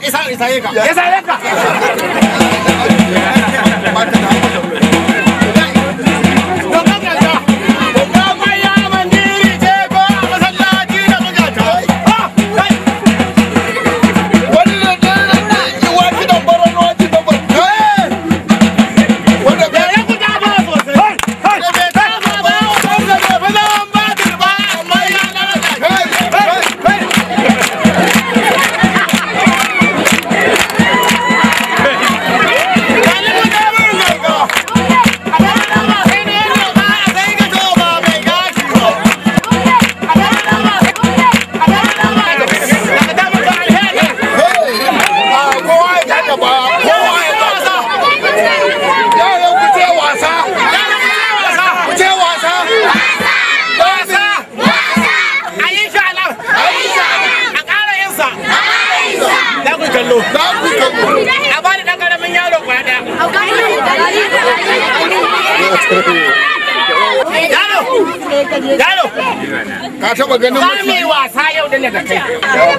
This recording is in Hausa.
Yes, I kallo a bani dan karamin yaro kwaya daya ka taba ganin mutum wasa yau da ne da kai